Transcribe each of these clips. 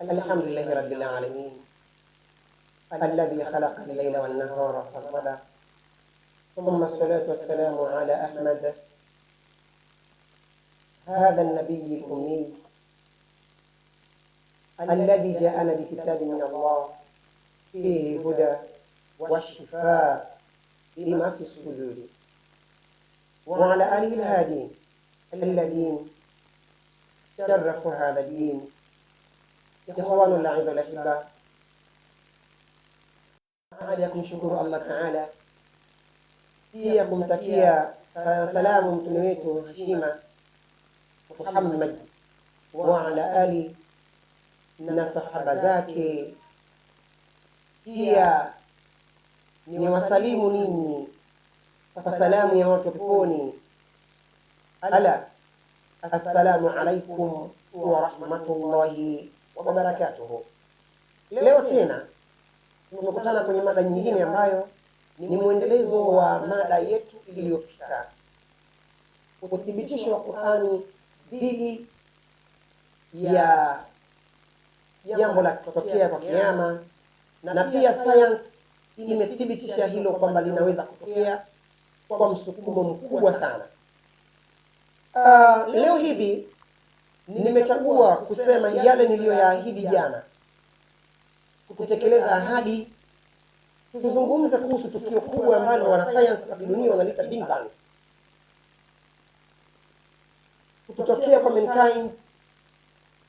الحمد لله رب العالمين الذي خلق الليل والنهار صبرا ثم الصلاة والسلام على أحمد هذا النبي الأمي الذي جاءنا بكتاب من الله فيه هدى والشفاء لما في الصدور وعلى آله الهادين الذين sharafu hadha din. Ikhwanul aizalahillah, baada ya kumshukuru Allah taala, pia kumtakia salamu mtume wetu heshima Muhammad wa ala ali na sahaba zake, pia ni wasalimu ninyi kwa salamu ya watu peponi ala Assalamu alaikum wa rahmatullahi wa barakatuhu. Leo tena tumekutana kwenye mada nyingine ambayo ni mwendelezo wa mada yetu iliyopita, uthibitisho wa Qur'ani dhidi ya jambo la kutokea kwa kiama, na pia science imethibitisha hilo kwamba linaweza kutokea kwa msukumo mkubwa sana. Uh, leo hivi nimechagua kusema yale niliyoyaahidi jana, kutekeleza ahadi. Tuzungumze kuhusu tukio kubwa ambalo wanasayansi wa kidunia wanalita Big Bang, kutokea kwa mankind,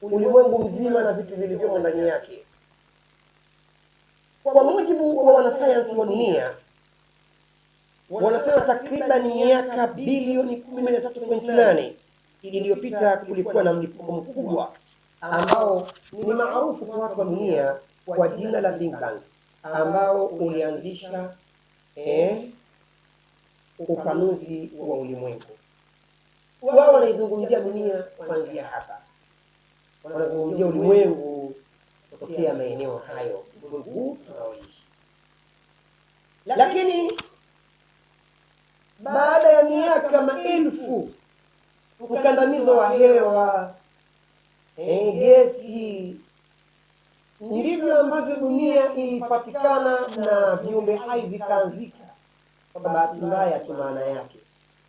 ulimwengu mzima na vitu vilivyomo ndani yake. Kwa mujibu wa wanasayansi wa dunia wanasema takriban miaka bilioni 138 iliyopita kulikuwa na mlipuko mkubwa ambao ni maarufu kwa watu wa dunia kwa jina la Big Bang ambao ulianzisha eh, upanuzi wa ulimwengu. Wao wanaizungumzia dunia kuanzia hapa, wanazungumzia ulimwengu kutokea maeneo hayo, ulimwengu huu tunaoishi, lakini baada ya miaka maelfu, mkandamizo wa hewa, eh, gesi, ndivyo ambavyo dunia ilipatikana na viumbe hai vikaanzika. Kwa bahati mbaya tu, maana yake,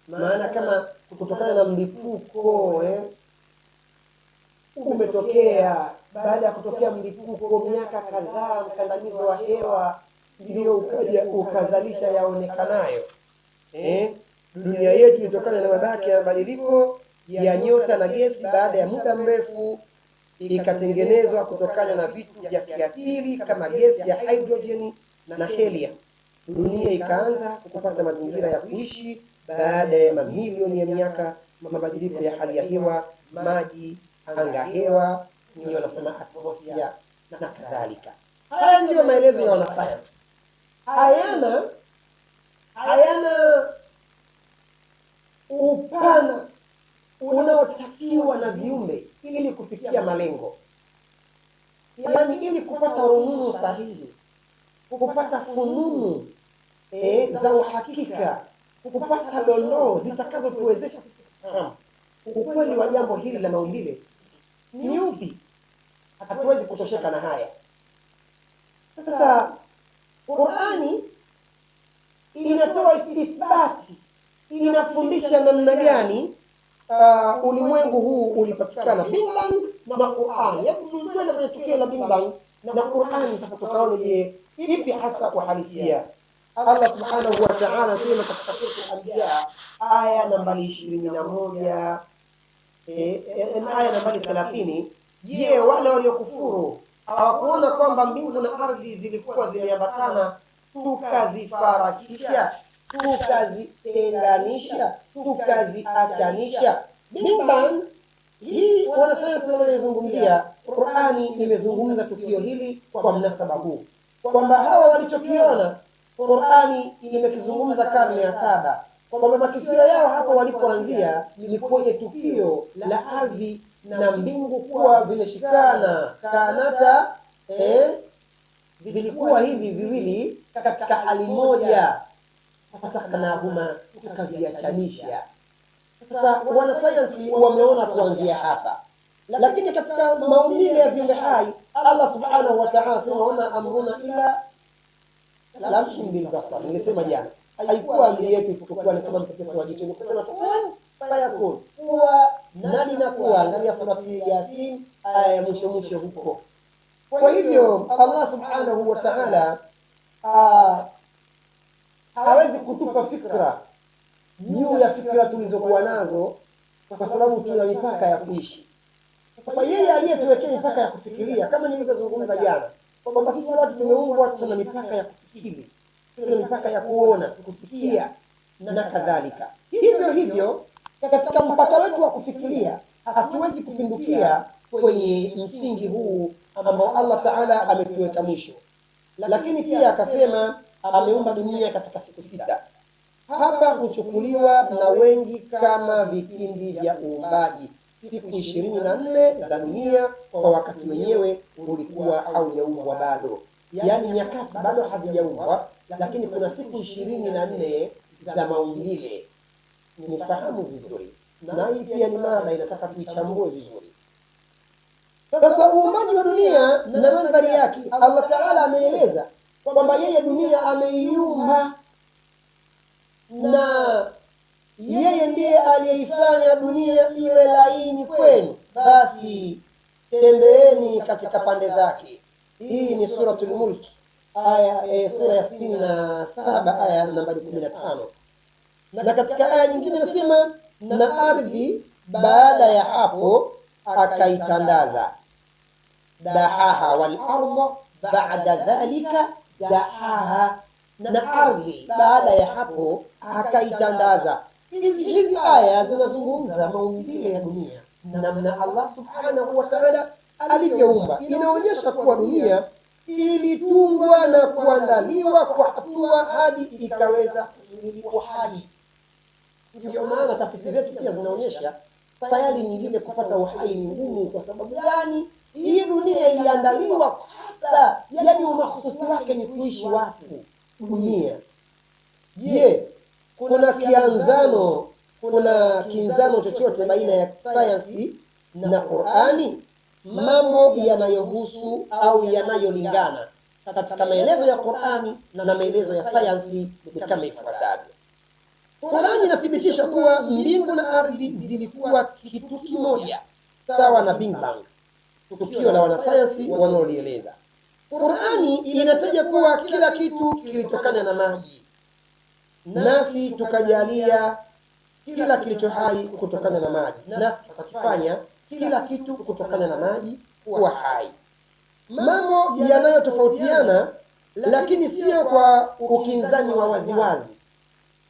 maana kama kutokana na mlipuko eh, umetokea baada ya kutokea mlipuko miaka kadhaa, mkandamizo wa hewa ndio ukazalisha yaonekanayo eh, dunia yetu ilitokana na mabaki ya mabadiliko ya nyota na gesi baada ya muda mrefu ikatengenezwa kutokana na vitu vya kiasili kama gesi ya hidrojeni na helia. Dunia ikaanza kupata mazingira ya kuishi baada ya mamilioni ya miaka, mabadiliko ya hali ya hewa, maji, anga hewa, ndio wanasema atmosphere na kadhalika. Haya ndiyo maelezo ya wanasayansi hayana hayana upana unaotakiwa na viumbe ili kufikia malengo, yaani ili kupata rununu sahihi, kupata fununu e, za uhakika, kupata dondoo zitakazotuwezesha sisi kufahamu ukweli wa jambo hili la maumbile ni upi. Hatuwezi kutosheka na haya. Sasa Qurani inatoa ithibati, inafundisha namna gani uh, ulimwengu huu ulipatikana Big Bang na Qur'an. Hebu yaani tuende kwenye tukio la Big Bang na Qur'an sasa, tukaone je, ipi hasa kuhalisia. Allah subhanahu wa ta'ala sema katika sura Al-Anbiya aya nambari ishirini na moja na eh, eh, eh, aya nambari thelathini Je, wale waliokufuru hawakuona kwamba mbingu na ardhi zilikuwa zimeambatana tukazifarakisha, tukazitenganisha, tukaziachanisha. Big Bang hii wanasayansi wanayezungumzia Qurani imezungumza tukio hili kwa mnasaba huu kwamba hawa walichokiona Qurani imekizungumza karne ya saba kwamba makisio yao hapo walipoanzia ni kwenye tukio la ardhi na mbingu kuwa vimeshikana kanata eh, vilikuwa hivi viwili katika hali moja, fataknahuma, tukaviachanisha. Sasa wanasayansi wameona kuanzia hapa, lakini katika maumbile ya viumbe hai Allah subhanahu wa ta'ala sema wama amruna ila lamhin bilbasar. Nilisema jana haikuwa amri yetu isipokuwa ni kama mtetesi wa jicho, nikusema kun fayakun, kuwa nani na kuwa. Angalia surati Yasin aya ya mwisho mwisho huko kwa hivyo Allah subhanahu wa ta'ala ah, hawezi kutupa fikra juu ya fikra tulizokuwa nazo, kwa sababu tuna mipaka ya kuishi. Sasa yeye aliyetuwekea mipaka ya kufikiria, kama nilivyozungumza jana, kwamba sisi watu tumeumbwa, tuna mipaka ya kufikiri, tuna mipaka ya kuona, kusikia na kadhalika. Hivyo hivyo katika mpaka wetu wa kufikiria hatuwezi kupindukia kwenye msingi huu ambao Allah Taala ametuweka mwisho. Lakini pia akasema ameumba dunia katika siku sita. Hapa huchukuliwa na wengi kama vipindi vya uumbaji. Siku ishirini na nne za dunia kwa wakati wenyewe ulikuwa haujaumbwa bado, yaani nyakati bado hazijaumbwa, lakini kuna siku ishirini na nne za maumbile. Nifahamu vizuri, na hii pia ni mada inataka tuichambue vizuri. Sasa uumbaji wa dunia na mandhari yake, Allah Taala ameeleza kwamba yeye dunia ameiumba na yeye ndiye aliyeifanya dunia iwe laini kwenu, basi tembeeni katika pande zake. Hii ni Suratul Mulki aya e, sura ya sitini na saba aya nambari kumi na tano na katika aya nyingine nasema, na ardhi baada ya hapo akaitandaza dahaha wal bada baada dhalika dahaha, na ardhi baada ya hapo akaitandaza. Hizi aya zinazungumza maumbile ya dunia, namna Allah subhanahu wataala ta'ala alivyoumba. Inaonyesha kuwa dunia ilitungwa na kuandaliwa kwa hatua hadi ikaweza kuhimili uhai. Ndio maana tafiti zetu pia zinaonyesha sayari nyingine kupata uhai ni ngumu. Kwa sababu gani? Hii dunia iliandaliwa hasa, yani umahususi wake ni kuishi watu dunia. Je, kuna kianzano, kuna kinzano chochote baina ya sayansi na Qur'ani? Mambo yanayohusu au yanayolingana katika maelezo ya Qur'ani na maelezo ya sayansi ni kama ifuatavyo. Qur'ani inathibitisha kuwa mbingu na ardhi zilikuwa kitu kimoja, sawa na Big Bang tukio la wanasayansi wanaolieleza. Qurani inataja kuwa kila kitu kilitokana na maji, nasi tukajalia kila kilicho hai kutokana na maji, nasi tukakifanya kila kitu kutokana na maji kuwa hai. Mambo yanayotofautiana lakini sio kwa ukinzani wa waziwazi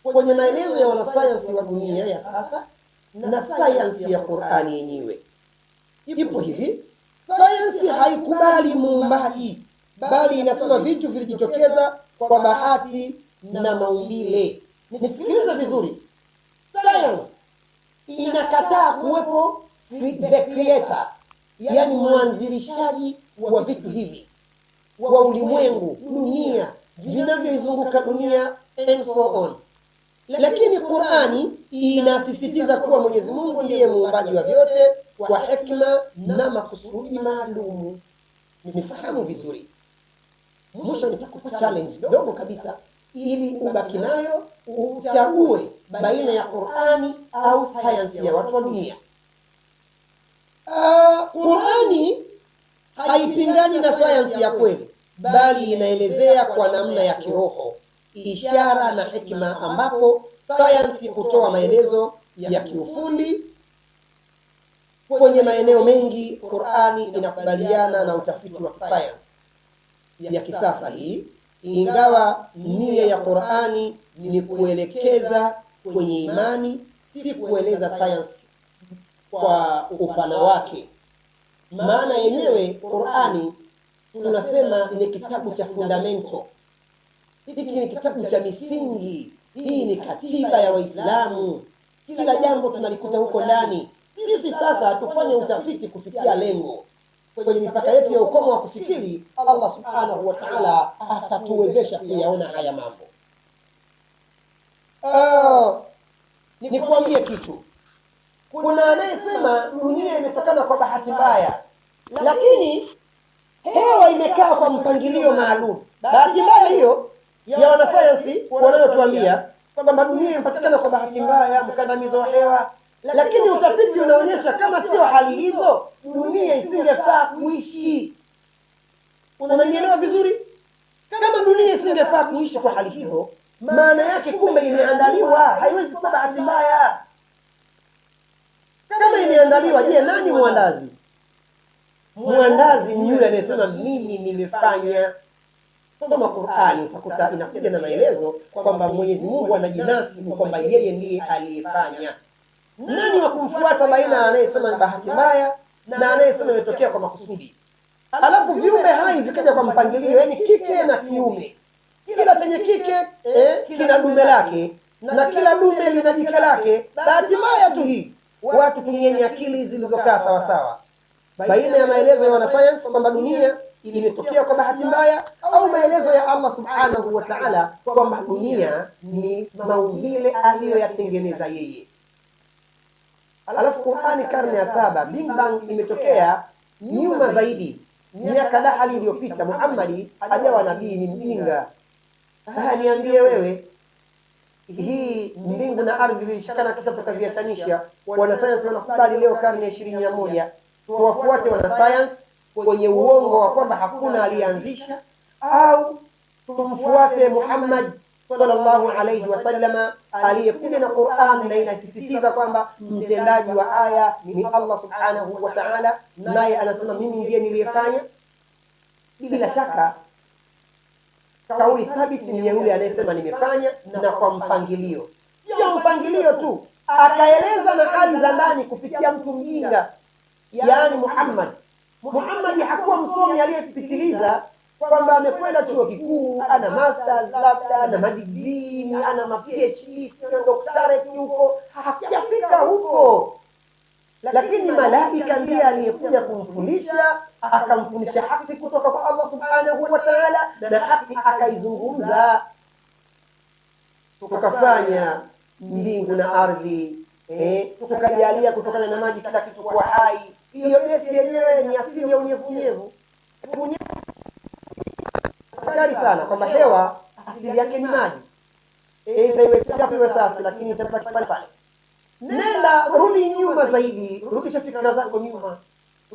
kwenye maelezo ya wanasayansi wa dunia ya sasa na sayansi ya Qurani yenyewe ipo hivi Sayansi haikubali muumbaji, bali inasema vitu vilijitokeza kwa bahati na maumbile. Nisikilize vizuri, sayansi inakataa kuwepo the creator, yaani mwanzilishaji wa vitu hivi, wa ulimwengu, dunia, vinavyoizunguka dunia and so on. Lakini Qurani inasisitiza kuwa Mwenyezi Mungu ndiye muumbaji wa vyote kwa hekima na makusudi maalumu. Nifahamu vizuri. Mwisho nitakupa challenge dogo kabisa, ili ubaki nayo, uchague baina ya Qurani au sayansi ya watu wa dunia. Uh, Qurani haipingani na sayansi ya kweli, bali inaelezea kwa namna ya kiroho ishara na hikma, ambapo sayansi hutoa maelezo ya kiufundi kwenye maeneo mengi. Qur'ani inakubaliana na utafiti wa kisayansi ya kisasa hii, ingawa nia ya Qur'ani ni kuelekeza kwenye imani, si kueleza sayansi kwa upana wake. Maana yenyewe Qur'ani tunasema ni kitabu cha fundamento hiki ni kitabu cha misingi, hii ni katiba ya Waislamu. Kila jambo tunalikuta huko ndani. Sisi sasa tufanye utafiti kufikia lengo kwenye mipaka yetu ya ukomo wa kufikiri. Allah subhanahu wa ta'ala atatuwezesha kuyaona haya mambo. Uh, nikuambie kitu. Kuna anayesema dunia imetokana kwa bahati mbaya, lakini hewa imekaa kwa mpangilio maalum. Bahati mbaya hiyo ya wanasayansi wanayotuambia kwamba dunia imepatikana kwa bahati mbaya, mkandamizo wa hewa, lakini utafiti unaonyesha kama sio hali hizo dunia isingefaa kuishi. Unanielewa vizuri? Kama dunia isingefaa kuishi kwa hali hizo, maana yake kumbe imeandaliwa, haiwezi kuwa bahati mbaya. Kama imeandaliwa, je, nani mwandazi? Mwandazi ni yule anayesema mimi nimefanya Soma Qur'ani utakuta inakuja na maelezo kwamba Mwenyezi Mungu anajinasibu kwamba yeye ndiye aliyefanya. Nani wa kumfuata baina anayesema ni bahati mbaya na anayesema imetokea kwa makusudi? Alafu viumbe hai vikaja kwa mpangilio, yani kike na kiume. Kila chenye kike eh, kina dume lake na kila dume lina jike lake. Bahati mbaya tu hii, watu tumieni akili zilizokaa sawasawa, baina ya maelezo ya wanasayansi kwamba dunia imetokea kwa bahati mbaya au maelezo ya Allah subhanahu wa ta'ala kwamba dunia ni maumbile aliyoyatengeneza yeye. Alafu Qurani karne ya saba, Big Bang imetokea nyuma zaidi, miaka dahali iliyopita. Muhammadi ajawa nabii ni mjinga. Haya, niambie wewe, hii mbingu na ardhi ilishikana kisha tukaviachanisha? Wanasayansi wanakubali leo karne ya ishirini na moja, tuwafuate wanasayansi kwenye uongo wa kwamba hakuna aliyeanzisha au tumfuate Muhammad sallallahu alayhi wasallama aliyekuja na Qur'an na inasisitiza kwamba mtendaji wa aya ni Allah subhanahu wa ta'ala, naye anasema mimi ndiye niliyefanya. Bila shaka kauli thabiti ni yule anayesema nimefanya, na kwa mpangilio, sio mpangilio tu, akaeleza na hali za ndani kupitia mtu mjinga, yaani Muhammad Muhammad hakuwa msomi aliyepitiliza kwamba amekwenda chuo kikuu, ana masters, labda ana madigrii, ana ma PhD, doctorate huko. hakijafika huko, lakini malaika ndiye aliyekuja kumfundisha, akamfundisha haki kutoka kwa Allah subhanahu wa ta'ala, na haki akaizungumza, tukafanya mbingu na ardhi eh, tukajalia kutokana na maji kila kitu kuwa hai ilionesi yenyewe ni asili ya unyevunyevu hatari sana kwamba hewa asili yake ni maji, aidha ee, iwe chafu iwe safi, lakini itabaki pale pale. Nenda rudi nyuma zaidi, rudisha fikira zako nyuma,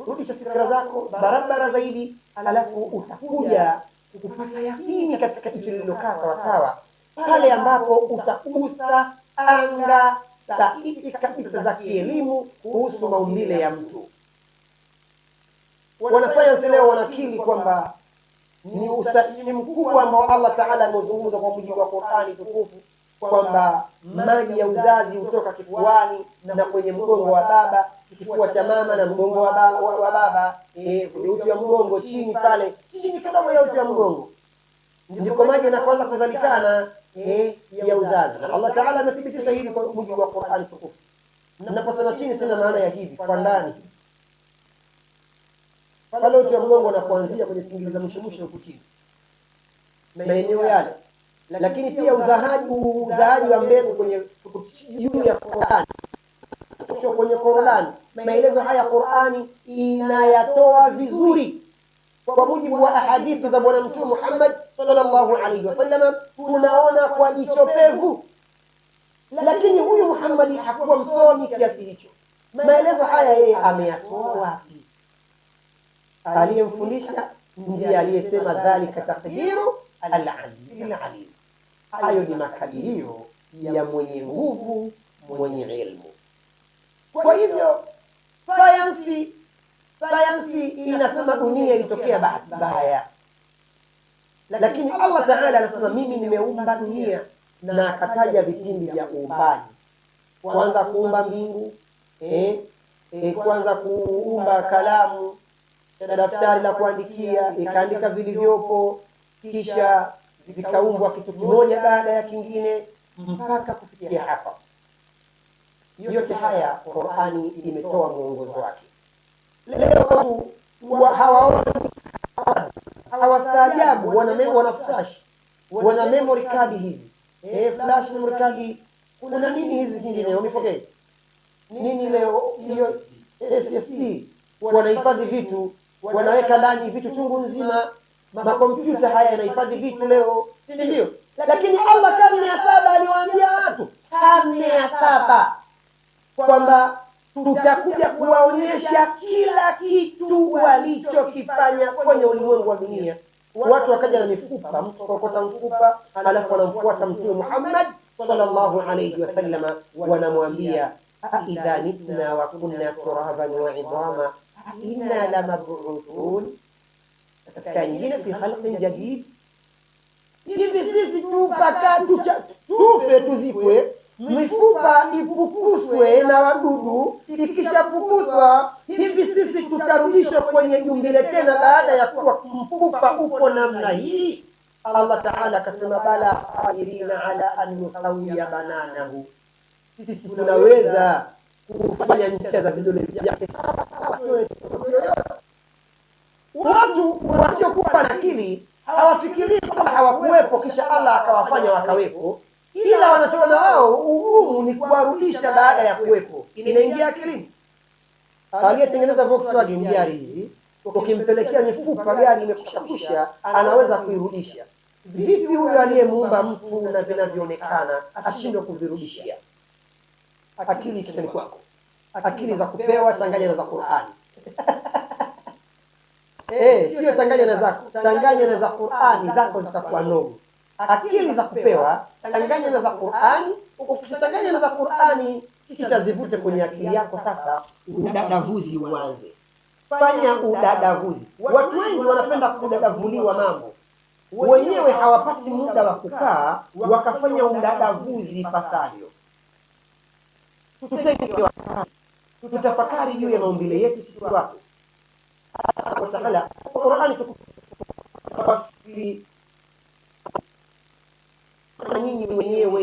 rudisha fikira zako barabara zaidi, alafu utakuja kupata yakini katika jicho lililokaa sawasawa, pale ambapo utagusa anga sahihi kabisa za kielimu kuhusu maumbile ya mtu. Wanasayansi leo wanakili kwamba ni usahihi mkubwa ambao Allah Taala ameuzungumza kwa mujibu wa Qurani tukufu kwamba maji ya uzazi hutoka kifuani na kwenye mgongo wa baba, kifua cha mama na mgongo wa, baba, wa, baba e, uti wa mgongo chini pale chini kidogo ya uti wa mgongo ndiko maji yanaanza kuzalikana e, ya uzazi, na Allah Taala amethibitisha hili kwa mujibu wa Qurani tukufu. Naposema chini, sina maana ya hivi kwa ndani pale uti wa mgongo na kuanzia kwenye pingili za mwishomisho huku maeneo yale. Lakini pia uzahaji uzahaji wa mbegu kwenye juu ya Qur'ani, kwenye Qur'ani, maelezo haya Qur'ani inayatoa vizuri kwa mujibu wa ahadithi za Bwana Mtume Muhammad sallallahu alaihi wasallam, tunaona kwa jichopevu pevu. Lakini huyu Muhammad hakuwa msomi kiasi hicho, maelezo haya yeye ameyatoa aliyemfundisha ndiye aliyesema dhalika taqdiru alazizi alim, hayo ni makadirio ya mwenye nguvu mwenye ilmu. Kwa hivyo sayansi sayansi inasema dunia ilitokea bahati mbaya, lakini Allah taala anasema mimi nimeumba dunia, na akataja vipindi vya uumbaji, kwanza kuumba mbingu eh, eh, kwanza kuumba kalamu na daftari la kuandikia, ikaandika vilivyopo, kisha vikaumbwa kitu kimoja baada ya kingine mpaka kufikia hapa. Yote haya Qur'ani imetoa mwongozo wake. Leo watu hawaoni, hawastaajabu, wana flash, wana memory card hizi, eh, flash memory card. Kuna nini hizi nyingine wamepokea nini leo? Hiyo SSD wanahifadhi vitu wanaweka ndani vitu chungu nzima, makompyuta haya yanahifadhi vitu leo, si ndio? Lakini Allah karne ya saba aliwaambia watu, karne ya saba kwamba tutakuja kuwaonyesha kila kitu walichokifanya kwenye ulimwengu wa dunia. Watu wakaja na mifupa, mtu kokota mfupa, alafu wanamfuata Mtume Muhammad sallallahu alayhi wasallam, wanamwambia aidha nitna wa kunna turaban wa idhama inna la maburuthun. Tafuta nyingine fi khalqin hivi sisi tupata tufe tuzikwe mifupa ipukuswe na wadudu. Ikishapukuswa hivi sisi tutarudishwa kwenye jumbile tena, baada ya kuwa mfupa upo namna hii? Allah taala akasema, bala qadirina ala an nusawiya bananahu, sisi tunaweza kufanya ncha za vidole vyake sawa watu wasiokuwa na akili hawafikirii kwamba hawakuwepo kisha Allah akawafanya wakawepo, ila wanachoona wao ugumu ni kuwarudisha baada ya kuwepo. Inaingia akilini? Aliyetengeneza Volkswagen gari hizi, ukimpelekea mifupa gari imekushakusha, anaweza kuirudisha vipi? Huyo aliyemuumba mtu na vinavyoonekana ashindwe kuvirudishia Akili kichwani kwako akili za kupewa, changanya na za Qur'ani. Eh, sio changanya na zako, changanya na za Qur'ani, zako zitakuwa ndogo. Akili za kupewa, changanya na za Qur'ani. Ukichanganya na za Qur'ani, kisha zivute kwenye akili yako. Sasa udadavuzi uanze, fanya udadavuzi. Watu wengi wanapenda kudadavuliwa mambo, wenyewe hawapati muda wa kukaa wakafanya udadavuzi pasavyo. Tutenge tutafakari juu ya maumbile yetu sisi watu wataala Qur'ani tukufu nyinyi mwenyewe